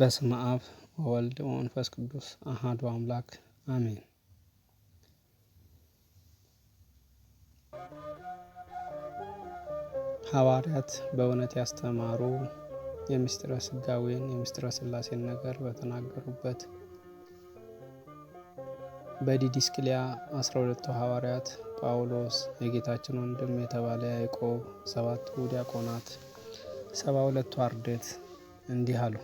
በስመ አብ ወወልድ ወመንፈስ ቅዱስ አሃዱ አምላክ አሜን። ሐዋርያት በእውነት ያስተማሩ የምስጢረ ስጋዌን የምስጢረ ስላሴን ነገር በተናገሩበት በዲዲስቅልያ 12ቱ ሐዋርያት ጳውሎስ፣ የጌታችን ወንድም የተባለ ያዕቆብ፣ ሰባቱ ዲያቆናት፣ ሰባ ሁለቱ አርድእት እንዲህ አሉ።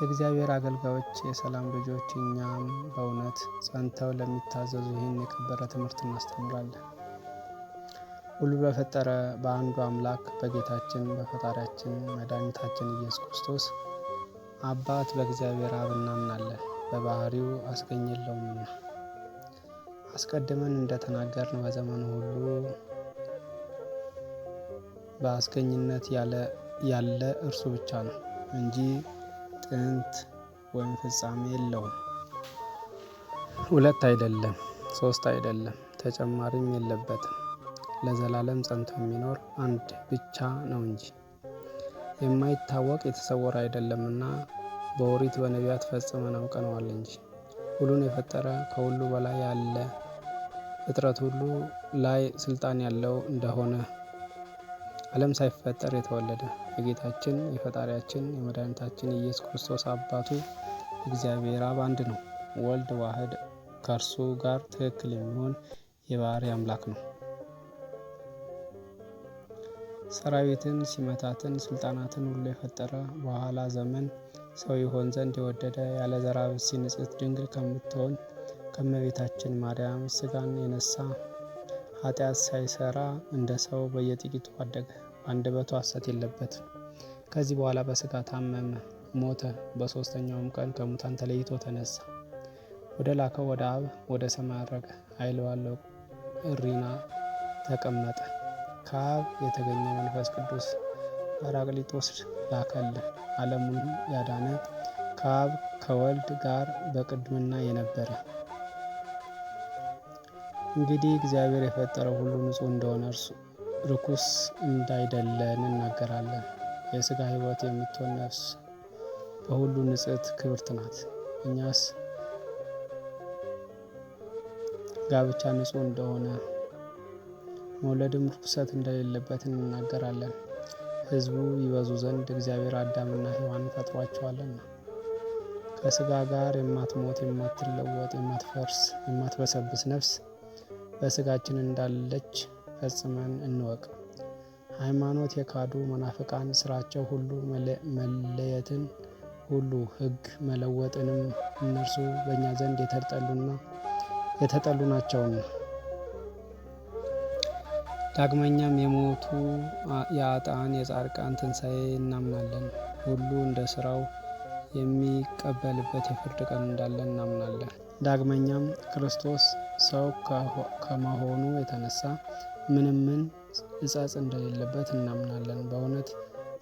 የእግዚአብሔር አገልጋዮች የሰላም ልጆች እኛም በእውነት ጸንተው ለሚታዘዙ ይህን የከበረ ትምህርት እናስተምራለን። ሁሉ በፈጠረ በአንዱ አምላክ በጌታችን በፈጣሪያችን መድኃኒታችን ኢየሱስ ክርስቶስ አባት በእግዚአብሔር አብ እናምናለን። በባህሪው አስገኝ የለውምና አስቀድመን እንደተናገርን በዘመኑ ሁሉ በአስገኝነት ያለ እርሱ ብቻ ነው እንጂ ጥንት ወይም ፍጻሜ የለውም። ሁለት አይደለም፣ ሶስት አይደለም፣ ተጨማሪም የለበትም። ለዘላለም ጸንቶ የሚኖር አንድ ብቻ ነው እንጂ የማይታወቅ የተሰወረ አይደለምና በኦሪት በነቢያት ፈጽመን አውቀነዋል እንጂ ሁሉን የፈጠረ ከሁሉ በላይ ያለ ፍጥረት ሁሉ ላይ ስልጣን ያለው እንደሆነ ዓለም ሳይፈጠር የተወለደ የጌታችን የፈጣሪያችን የመድኃኒታችን የኢየሱስ ክርስቶስ አባቱ እግዚአብሔር አብ አንድ ነው። ወልድ ዋህድ ከእርሱ ጋር ትክክል የሚሆን የባህርይ አምላክ ነው። ሰራዊትን፣ ሲመታትን፣ ስልጣናትን ሁሉ የፈጠረ በኋላ ዘመን ሰው ይሆን ዘንድ የወደደ ያለ ዘራ ብእሲ ንጽሕት ድንግል ከምትሆን ከእመቤታችን ማርያም ስጋን የነሳ ኃጢአት ሳይሰራ እንደ ሰው በየጥቂቱ አደገ። አንደበቱ ሐሰት የለበትም። ከዚህ በኋላ በሥጋ ታመመ፣ ሞተ። በሦስተኛውም ቀን ከሙታን ተለይቶ ተነሳ። ወደ ላከው ወደ አብ ወደ ሰማይ አረገ። ኃይል ባለው እሪና ተቀመጠ። ከአብ የተገኘ መንፈስ ቅዱስ አራቅሊጦስ ላከልን። ዓለሙን ያዳነ ከአብ ከወልድ ጋር በቅድምና የነበረ እንግዲህ እግዚአብሔር የፈጠረው ሁሉ ንጹህ እንደሆነ እርሱ ርኩስ እንዳይደለ እንናገራለን። የሥጋ ሕይወት የምትሆን ነፍስ በሁሉ ንጽህት ክብርት ናት። እኛስ ጋብቻ ንጹህ እንደሆነ መውለድም ርኩሰት እንደሌለበት እንናገራለን። ህዝቡ ይበዙ ዘንድ እግዚአብሔር አዳምና ሔዋን ፈጥሯቸዋልና ከሥጋ ጋር የማትሞት የማትለወጥ የማትፈርስ የማትበሰብስ ነፍስ በስጋችን እንዳለች ፈጽመን እንወቅ። ሃይማኖት የካዱ መናፍቃን ስራቸው ሁሉ መለየትን ሁሉ ህግ መለወጥንም እነርሱ በእኛ ዘንድ የተጠሉና የተጠሉ ናቸውና። ዳግመኛም የሞቱ የአጣን የጻድቃን ትንሣኤ እናምናለን። ሁሉ እንደ ስራው የሚቀበልበት የፍርድ ቀን እንዳለን እናምናለን። ዳግመኛም ክርስቶስ ሰው ከመሆኑ የተነሳ ምንም ምን እጻጽ እንደሌለበት እናምናለን። በእውነት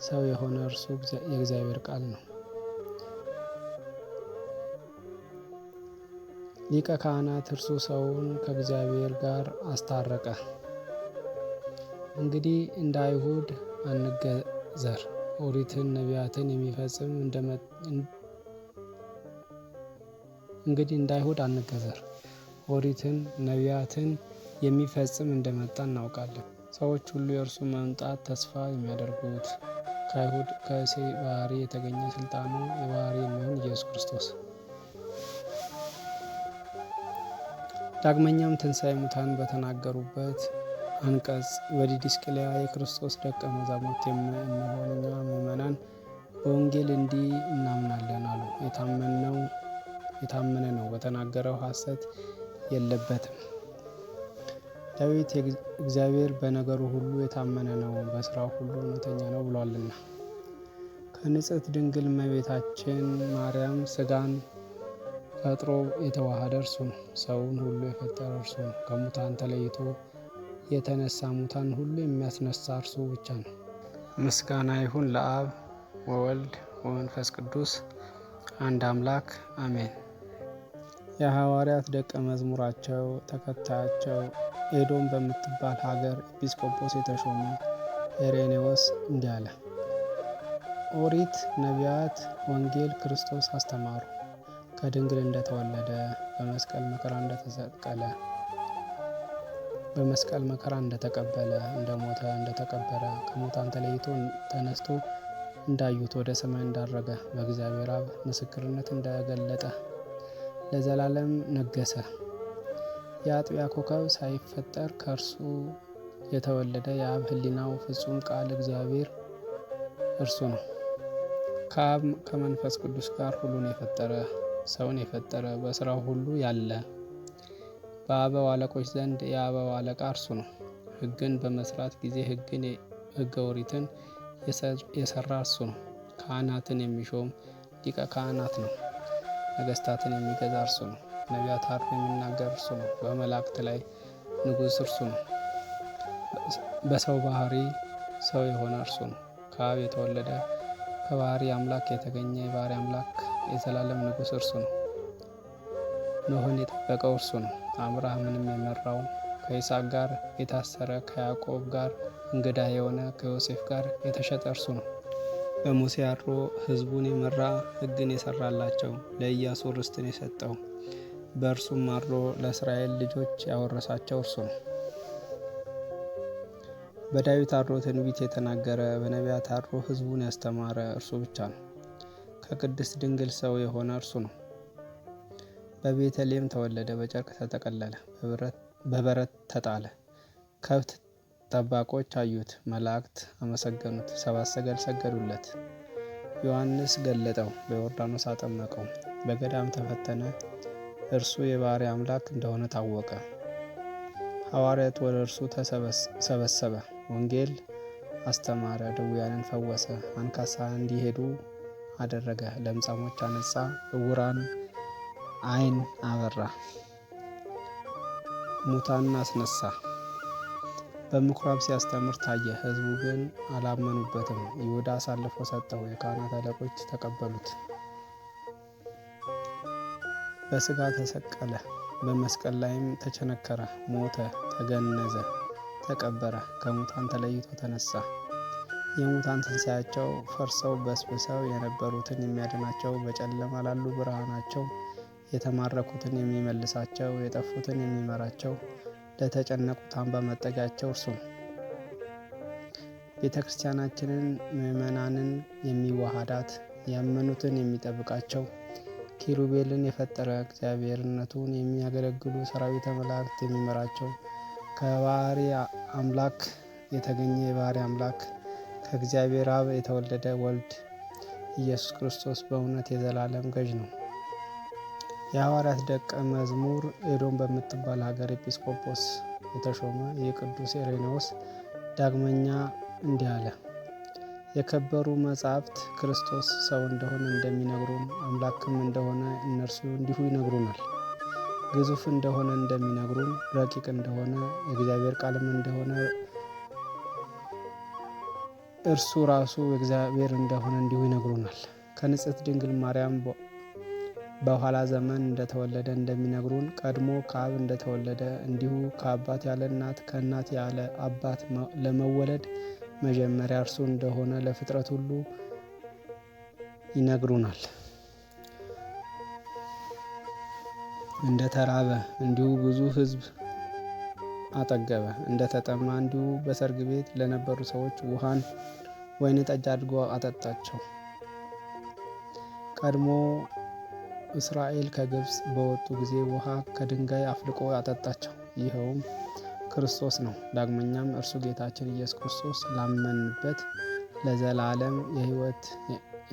ሰው የሆነ እርሱ የእግዚአብሔር ቃል ነው። ሊቀ ካህናት እርሱ ሰውን ከእግዚአብሔር ጋር አስታረቀ። እንግዲህ እንደ አይሁድ አንገዘር። ኦሪትን ነቢያትን የሚፈጽም እንግዲህ እንደ አይሁድ አንገዘር። ኦሪትን ነቢያትን የሚፈጽም እንደመጣ እናውቃለን። ሰዎች ሁሉ የእርሱ መምጣት ተስፋ የሚያደርጉት ከአይሁድ ከእሴ ባህሪ የተገኘ ስልጣኑ የባህሪ የሚሆን ኢየሱስ ክርስቶስ ዳግመኛም ትንሣኤ ሙታን በተናገሩበት አንቀጽ በዲድስቅልያ የክርስቶስ ደቀ መዛሙርት የምንሆን እኛ ምእመናን በወንጌል እንዲህ እናምናለን አሉ። የታመነ ነው በተናገረው ሐሰት የለበትም። ዳዊት እግዚአብሔር በነገሩ ሁሉ የታመነ ነው፣ በስራው ሁሉ እውነተኛ ነው ብሏልና። ከንጽሕት ድንግል እመቤታችን ማርያም ስጋን ፈጥሮ የተዋሃደ እርሱ ነው። ሰውን ሁሉ የፈጠረ እርሱ ነው። ከሙታን ተለይቶ የተነሳ ሙታን ሁሉ የሚያስነሳ እርሱ ብቻ ነው። ምስጋና ይሁን ለአብ ወወልድ ወመንፈስ ቅዱስ አንድ አምላክ አሜን። የሐዋርያት ደቀ መዝሙራቸው ተከታያቸው ኤዶም በምትባል ሀገር ኤጲስቆጶስ የተሾመ ኤሬኔዎስ እንዲህ አለ። ኦሪት፣ ነቢያት፣ ወንጌል ክርስቶስ አስተማሩ። ከድንግል እንደተወለደ በመስቀል መከራ እንደተሰቀለ በመስቀል መከራ እንደተቀበለ እንደሞተ እንደተቀበረ ከሙታን ተለይቶ ተነስቶ እንዳዩት ወደ ሰማይ እንዳረገ በእግዚአብሔር አብ ምስክርነት እንደገለጠ ለዘላለም ነገሰ። የአጥቢያ ኮከብ ሳይፈጠር ከእርሱ የተወለደ የአብ ሕሊናው ፍጹም ቃል እግዚአብሔር እርሱ ነው። ከአብ ከመንፈስ ቅዱስ ጋር ሁሉን የፈጠረ ሰውን የፈጠረ በስራው ሁሉ ያለ በአበው አለቆች ዘንድ የአበው አለቃ እርሱ ነው። ሕግን በመስራት ጊዜ ሕግን ሕገ ኦሪትን የሰራ እርሱ ነው። ካህናትን የሚሾም ሊቀ ካህናት ነው። ነገስታትን የሚገዛ እርሱ ነው። ነቢያት አርፍ የሚናገር እርሱ ነው። በመላእክት ላይ ንጉስ እርሱ ነው። በሰው ባህሪ ሰው የሆነ እርሱ ነው። ከአብ የተወለደ ከባህሪ አምላክ የተገኘ የባህሪ አምላክ የዘላለም ንጉስ እርሱ ነው። ኖህን የጠበቀው እርሱ ነው። አብርሃምንም የመራው ከይስሐቅ ጋር የታሰረ ከያዕቆብ ጋር እንግዳ የሆነ ከዮሴፍ ጋር የተሸጠ እርሱ ነው። በሙሴ አድሮ ህዝቡን የመራ ህግን የሰራላቸው ለኢያሱ ርስትን የሰጠው በእርሱም አድሮ ለእስራኤል ልጆች ያወረሳቸው እርሱ ነው። በዳዊት አድሮ ትንቢት የተናገረ በነቢያት አድሮ ህዝቡን ያስተማረ እርሱ ብቻ ነው። ከቅድስት ድንግል ሰው የሆነ እርሱ ነው። በቤተልሔም ተወለደ፣ በጨርቅ ተጠቀለለ፣ በበረት ተጣለ፣ ከብት ጠባቆች አዩት፣ መላእክት አመሰገኑት፣ ሰባት ሰገል ሰገዱለት። ዮሐንስ ገለጠው፣ በዮርዳኖስ አጠመቀው፣ በገዳም ተፈተነ። እርሱ የባሕርይ አምላክ እንደሆነ ታወቀ። ሐዋርያት ወደ እርሱ ተሰበሰበ፣ ወንጌል አስተማረ፣ ድውያንን ፈወሰ፣ አንካሳ እንዲሄዱ አደረገ፣ ለምጻሞች አነጻ፣ እውራን አይን አበራ፣ ሙታን አስነሳ። በምኩራብ ሲያስተምር ታየ። ህዝቡ ግን አላመኑበትም። ይሁዳ አሳልፎ ሰጠው፣ የካህናት አለቆች ተቀበሉት። በስጋ ተሰቀለ፣ በመስቀል ላይም ተቸነከረ፣ ሞተ፣ ተገነዘ፣ ተቀበረ፣ ከሙታን ተለይቶ ተነሳ። የሙታን ትንሣኤያቸው ፈርሰው በስብሰው የነበሩትን የሚያድናቸው በጨለማ ላሉ ብርሃናቸው የተማረኩትን የሚመልሳቸው የጠፉትን የሚመራቸው ለተጨነቁታን መጠጊያቸው እርሱ ነው። ቤተ ክርስቲያናችንን ምዕመናንን የሚዋሃዳት ያመኑትን የሚጠብቃቸው ኪሩቤልን የፈጠረ እግዚአብሔርነቱን የሚያገለግሉ ሰራዊተ መላእክት የሚመራቸው ከባህሪ አምላክ የተገኘ የባህሪ አምላክ ከእግዚአብሔር አብ የተወለደ ወልድ ኢየሱስ ክርስቶስ በእውነት የዘላለም ገዥ ነው። የሐዋርያት ደቀ መዝሙር ኤዶም በምትባል ሀገር ኤጲስቆጶስ የተሾመ የቅዱስ ኤሬኔዎስ ዳግመኛ እንዲህ አለ። የከበሩ መጻሕፍት ክርስቶስ ሰው እንደሆነ እንደሚነግሩን አምላክም እንደሆነ እነርሱ እንዲሁ ይነግሩናል። ግዙፍ እንደሆነ እንደሚነግሩን ረቂቅ እንደሆነ የእግዚአብሔር ቃልም እንደሆነ እርሱ ራሱ እግዚአብሔር እንደሆነ እንዲሁ ይነግሩናል። ከንጽሕት ድንግል ማርያም በኋላ ዘመን እንደተወለደ እንደሚነግሩን ቀድሞ ከአብ እንደተወለደ እንዲሁ ከአባት ያለ እናት ከእናት ያለ አባት ለመወለድ መጀመሪያ እርሱ እንደሆነ ለፍጥረት ሁሉ ይነግሩናል። እንደ ተራበ እንዲሁ ብዙ ሕዝብ አጠገበ። እንደ ተጠማ እንዲሁ በሰርግ ቤት ለነበሩ ሰዎች ውሃን ወይን ጠጅ አድርጎ አጠጣቸው። ቀድሞ እስራኤል ከግብፅ በወጡ ጊዜ ውሃ ከድንጋይ አፍልቆ አጠጣቸው። ይኸውም ክርስቶስ ነው። ዳግመኛም እርሱ ጌታችን ኢየሱስ ክርስቶስ ላመንበት ለዘላለም የሕይወት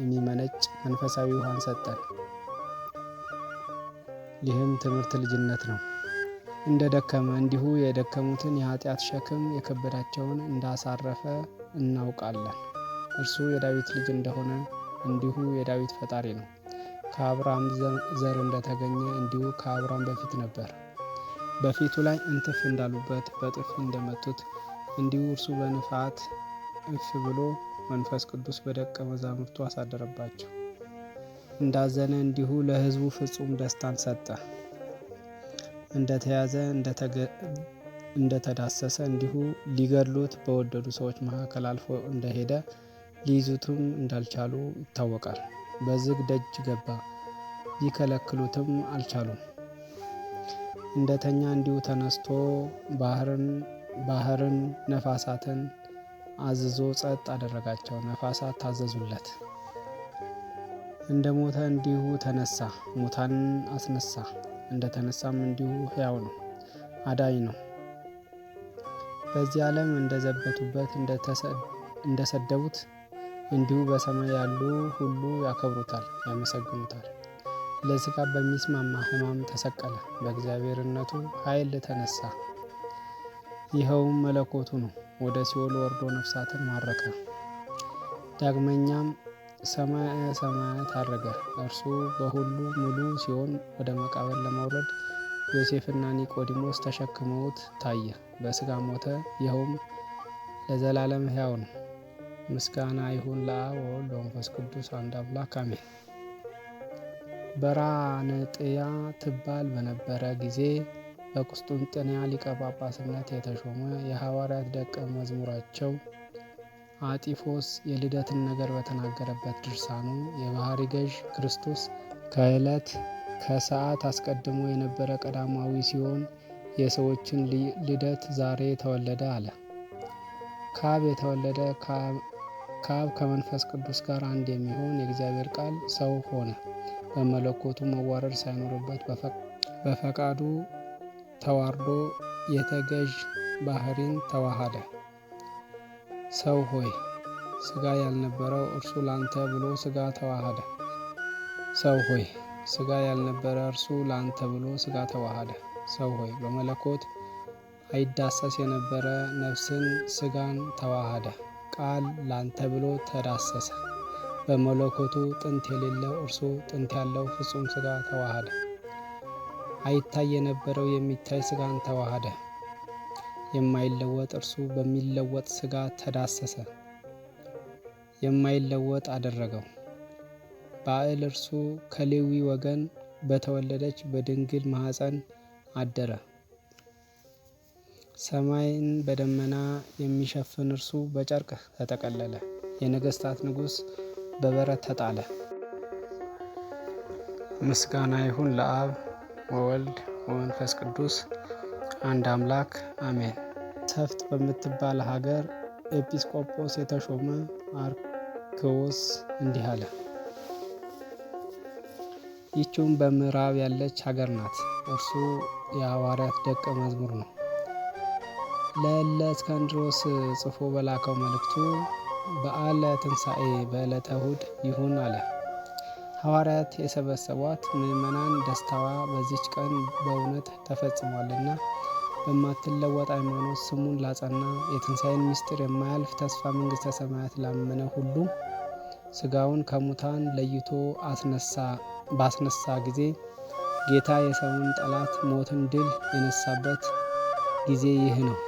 የሚመነጭ መንፈሳዊ ውሃን ሰጠን። ይህም ትምህርት ልጅነት ነው። እንደ ደከመ እንዲሁ የደከሙትን የኃጢአት ሸክም የከበዳቸውን እንዳሳረፈ እናውቃለን። እርሱ የዳዊት ልጅ እንደሆነ እንዲሁ የዳዊት ፈጣሪ ነው። ከአብርሃም ዘር እንደተገኘ እንዲሁ ከአብርሃም በፊት ነበር። በፊቱ ላይ እንትፍ እንዳሉበት በጥፍ እንደመቱት እንዲሁ እርሱ በንፋት እፍ ብሎ መንፈስ ቅዱስ በደቀ መዛሙርቱ አሳደረባቸው። እንዳዘነ እንዲሁ ለሕዝቡ ፍጹም ደስታን ሰጠ። እንደተያዘ እንደተዳሰሰ እንዲሁ ሊገድሉት በወደዱ ሰዎች መካከል አልፎ እንደሄደ ሊይዙትም እንዳልቻሉ ይታወቃል። በዝግ ደጅ ገባ። ሊከለክሉትም አልቻሉም። እንደተኛ እንዲሁ ተነስቶ ባህርን ባህርን ነፋሳትን አዝዞ ጸጥ አደረጋቸው። ነፋሳት ታዘዙለት። እንደ ሞተ እንዲሁ ተነሳ። ሙታን አስነሳ። እንደተነሳም እንዲሁ ሕያው ነው፣ አዳኝ ነው። በዚህ ዓለም እንደዘበቱበት እንደሰደቡት እንዲሁ በሰማይ ያሉ ሁሉ ያከብሩታል፣ ያመሰግኑታል። ለሥጋ በሚስማማ ሕማም ተሰቀለ፣ በእግዚአብሔርነቱ ኃይል ተነሳ። ይኸውም መለኮቱ ነው። ወደ ሲኦል ወርዶ ነፍሳትን ማረከ። ዳግመኛም ሰማየ ሰማያት አረገ። እርሱ በሁሉ ሙሉ ሲሆን ወደ መቃብር ለመውረድ ዮሴፍና ኒቆዲሞስ ተሸክመውት ታየ። በስጋ ሞተ፣ ይኸውም ለዘላለም ሕያው ነው። ምስጋና ይሁን ለአብ ወወልድ ወመንፈስ ቅዱስ አንድ አምላክ አሜን። በራንጥያ ትባል በነበረ ጊዜ በቁስጥንጥንያ ሊቀ ጳጳስነት የተሾመ የሐዋርያት ደቀ መዝሙራቸው አጢፎስ የልደትን ነገር በተናገረበት ድርሳኑ የባህሪ ገዥ ክርስቶስ ከዕለት ከሰዓት አስቀድሞ የነበረ ቀዳማዊ ሲሆን የሰዎችን ልደት ዛሬ ተወለደ አለ። ካብ የተወለደ ከአብ ከመንፈስ ቅዱስ ጋር አንድ የሚሆን የእግዚአብሔር ቃል ሰው ሆነ። በመለኮቱ መዋረድ ሳይኖርበት በፈቃዱ ተዋርዶ የተገዥ ባህሪን ተዋሃደ። ሰው ሆይ ስጋ ያልነበረው እርሱ ላንተ ብሎ ስጋ ተዋሃደ። ሰው ሆይ ስጋ ያልነበረ እርሱ ላንተ ብሎ ስጋ ተዋሃደ። ሰው ሆይ በመለኮት አይዳሰስ የነበረ ነፍስን ስጋን ተዋሃደ። ቃል ላንተ ብሎ ተዳሰሰ። በመለኮቱ ጥንት የሌለው እርሱ ጥንት ያለው ፍጹም ሥጋ ተዋሃደ። አይታይ የነበረው የሚታይ ሥጋን ተዋሃደ። የማይለወጥ እርሱ በሚለወጥ ሥጋ ተዳሰሰ። የማይለወጥ አደረገው። ባዕል እርሱ ከሌዊ ወገን በተወለደች በድንግል ማኅፀን አደረ። ሰማይን በደመና የሚሸፍን እርሱ በጨርቅ ተጠቀለለ፣ የነገስታት ንጉሥ በበረት ተጣለ። ምስጋና ይሁን ለአብ ወወልድ ወመንፈስ ቅዱስ አንድ አምላክ አሜን። ሰፍት በምትባል ሀገር ኤጲስቆጶስ የተሾመ አርክዎስ እንዲህ አለ። ይችውም በምዕራብ ያለች ሀገር ናት። እርሱ የሐዋርያት ደቀ መዝሙር ነው። ለእለ እስክንድሮስ ጽፎ በላከው መልእክቱ በዓለ ትንሣኤ በዕለተ እሁድ ይሁን አለ። ሐዋርያት የሰበሰቧት ምእመናን ደስታዋ በዚች ቀን በእውነት ተፈጽሟልና በማትለወጥ ሃይማኖት ስሙን ላጸና የትንሣኤን ምስጢር የማያልፍ ተስፋ መንግሥተ ሰማያት ላመነ ሁሉ ሥጋውን ከሙታን ለይቶ ባስነሳ ጊዜ ጌታ የሰውን ጠላት ሞትን ድል የነሳበት ጊዜ ይህ ነው።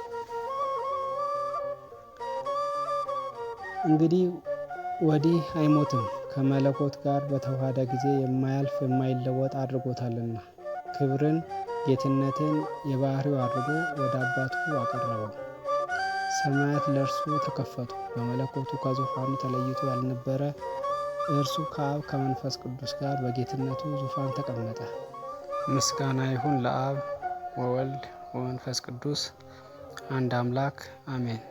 እንግዲህ ወዲህ አይሞትም ከመለኮት ጋር በተዋሃደ ጊዜ የማያልፍ የማይለወጥ አድርጎታልና ክብርን ጌትነትን የባህሪው አድርጎ ወደ አባቱ አቀረበው። ሰማያት ለእርሱ ተከፈቱ። በመለኮቱ ከዙፋኑ ተለይቶ ያልነበረ እርሱ ከአብ ከመንፈስ ቅዱስ ጋር በጌትነቱ ዙፋን ተቀመጠ። ምስጋና ይሁን ለአብ ወወልድ ወመንፈስ ቅዱስ አንድ አምላክ አሜን።